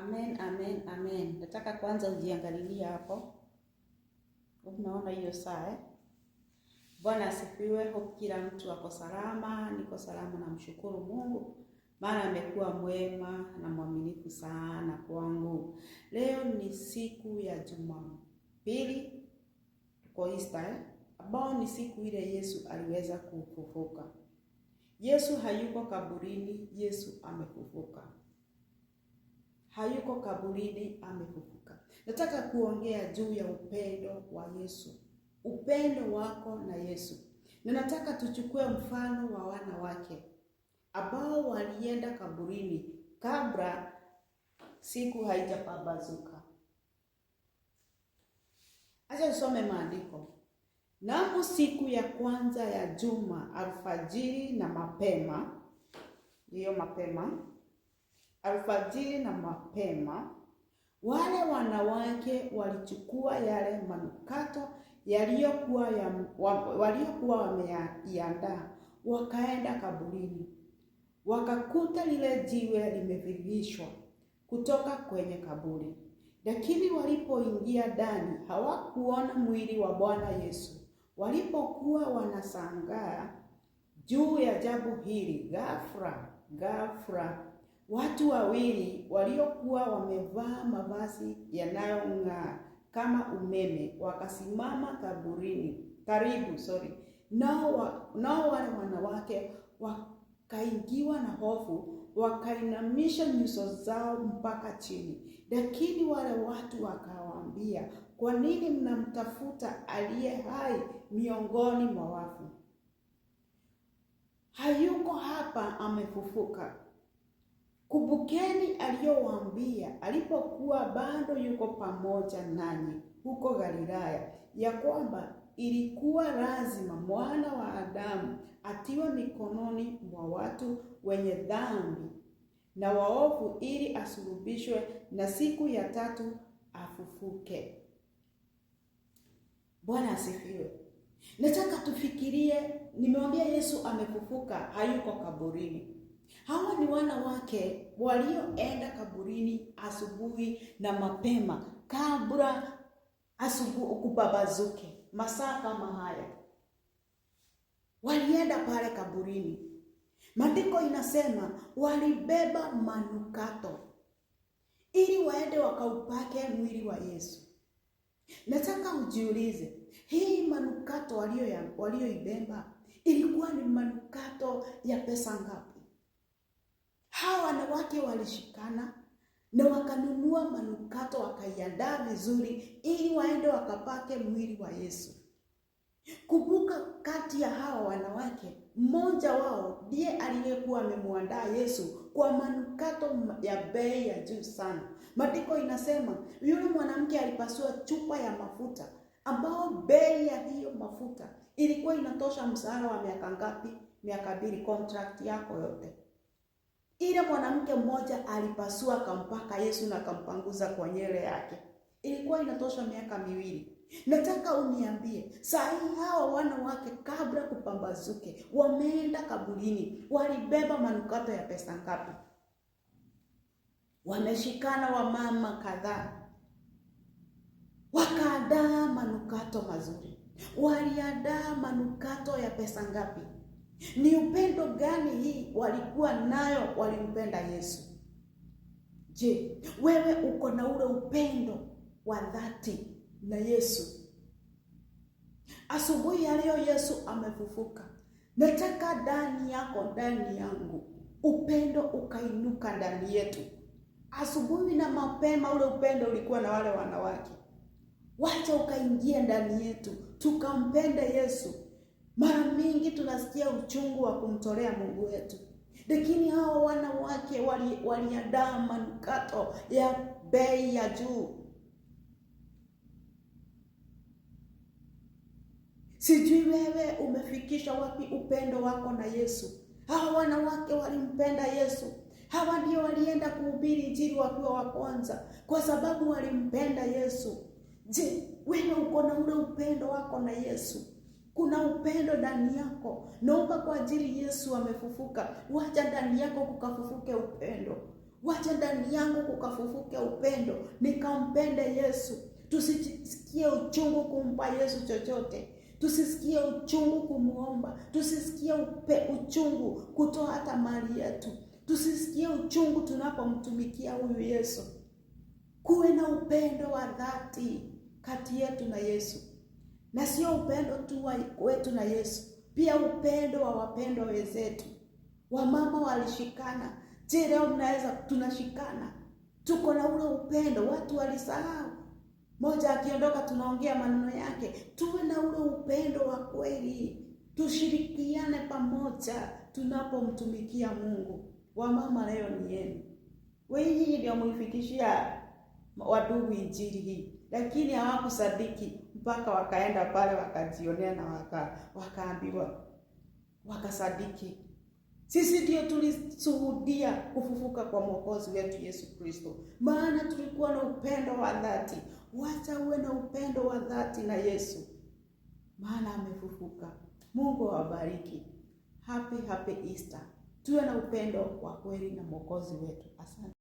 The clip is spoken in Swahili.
Amen, amen, amen. Nataka kwanza ujiangalilia hapo, unaona hiyo saa eh? Bwana asifiwe. Hope kila mtu ako salama, niko salama, mshukuru Mungu maana amekuwa mwema na mwaminifu sana kwangu. Leo ni siku ya Jumapili, kwa Easter eh? ambao ni siku ile Yesu aliweza kufufuka. Yesu hayuko kaburini, Yesu amefufuka hayuko kaburini, amefufuka. Nataka kuongea juu ya upendo wa Yesu, upendo wako na Yesu, na nataka tuchukue mfano wa wanawake ambao walienda kaburini kabla siku haijapambazuka. Acha tusome maandiko. Napo siku ya kwanza ya juma alfajiri na mapema, hiyo mapema alfajiri na mapema, wale wanawake walichukua yale manukato yaliyokuwa ya, waliokuwa wameiandaa, wakaenda kaburini, wakakuta lile jiwe limevivishwa kutoka kwenye kaburi, lakini walipoingia ndani hawakuona mwili wa Bwana Yesu. Walipokuwa wanasangaa juu ya jambo hili, ghafla ghafla Watu wawili waliokuwa wamevaa mavazi yanayong'aa kama umeme wakasimama kaburini karibu, sorry, nao wa, nao wale wanawake wakaingiwa na hofu wakainamisha nyuso zao mpaka chini. Lakini wale watu wakawaambia, kwa nini mnamtafuta aliye hai miongoni mwa wafu? Hayuko hapa, amefufuka. Kumbukeni aliyowaambia alipokuwa bado yuko pamoja nanyi huko Galilaya, ya kwamba ilikuwa lazima mwana wa Adamu atiwe mikononi mwa watu wenye dhambi na waovu, ili asulubishwe na siku ya tatu afufuke. Bwana asifiwe. Nataka tufikirie, nimewambia Yesu amefufuka, hayuko kaburini. Hawa ni wanawake walioenda kaburini asubuhi na mapema kabla asubuhi kubabazuke. Masaa kama haya walienda pale kaburini. Maandiko inasema walibeba manukato ili waende wakaupake mwili wa Yesu. Nataka ujiulize, hii manukato walioibeba ilikuwa ni manukato ya pesa ngapi? hawa wanawake walishikana na wakanunua manukato, wakaiandaa vizuri ili waende wakapake mwili wa Yesu. Kumbuka, kati ya hawa wanawake mmoja wao ndiye aliyekuwa amemwandaa Yesu kwa manukato ya bei ya juu sana. Maandiko inasema yule mwanamke alipasua chupa ya mafuta ambao bei ya hiyo mafuta ilikuwa inatosha mshahara wa miaka ngapi? Miaka mbili, contract yako yote. Ile mwanamke mmoja alipasua akampaka Yesu na akampanguza kwa nywele yake, ilikuwa inatosha miaka miwili. Nataka uniambie saa hii hawa wanawake kabla kupambazuke wameenda kaburini, walibeba manukato ya pesa ngapi? Wameshikana wamama kadhaa, wakaandaa manukato mazuri, waliandaa manukato ya pesa ngapi? Ni upendo gani hii walikuwa nayo, walimpenda Yesu? Je, wewe uko na ule upendo wa dhati na Yesu? Asubuhi ya leo Yesu amefufuka. Nataka ndani yako, ndani yangu, upendo ukainuka ndani yetu. Asubuhi na mapema, ule upendo ulikuwa na wale wanawake, wacha ukaingia ndani yetu, tukampende Yesu. Mara mingi tunasikia uchungu wa kumtolea Mungu wetu, lakini hao wanawake waliadaa wali manukato ya bei ya juu. Sijui wewe umefikisha wapi upendo wako na Yesu. Hawa wanawake walimpenda Yesu. Hawa ndio walienda kuhubiri Injili wakiwa wa kwanza, kwa sababu walimpenda Yesu. Je, wewe uko na ule upendo wako na Yesu? kuna upendo ndani yako. Naomba kwa ajili Yesu amefufuka, wacha ndani yako kukafufuke upendo, wacha ndani yangu kukafufuke upendo, nikampende Yesu. Tusisikie uchungu kumpa Yesu chochote, tusisikie uchungu kumwomba, tusisikie uchungu kutoa hata mali yetu, tusisikie uchungu tunapomtumikia huyu Yesu. Kuwe na upendo wa dhati kati yetu na Yesu na sio upendo tu wetu na Yesu, pia upendo wa wapendwa wenzetu. Wamama walishikana, je, leo mnaweza tunashikana? Tuko na ule upendo, watu walisahau. Moja akiondoka tunaongea maneno yake. Tuwe na ule upendo wa kweli, tushirikiane pamoja tunapomtumikia Mungu. Wamama leo ni yenu, wengi ndio mwifikishia wadugu injili hii, lakini hawakusadiki mpaka wakaenda pale wakajionea na waka, wakaambiwa wakasadiki. Sisi ndio tulishuhudia kufufuka kwa Mwokozi wetu Yesu Kristo, maana tulikuwa na upendo wa dhati. Wacha uwe na upendo wa dhati na Yesu, maana amefufuka. Mungu awabariki. Happy happy Easter. Tuwe na upendo wa kweli na Mwokozi wetu. Asante.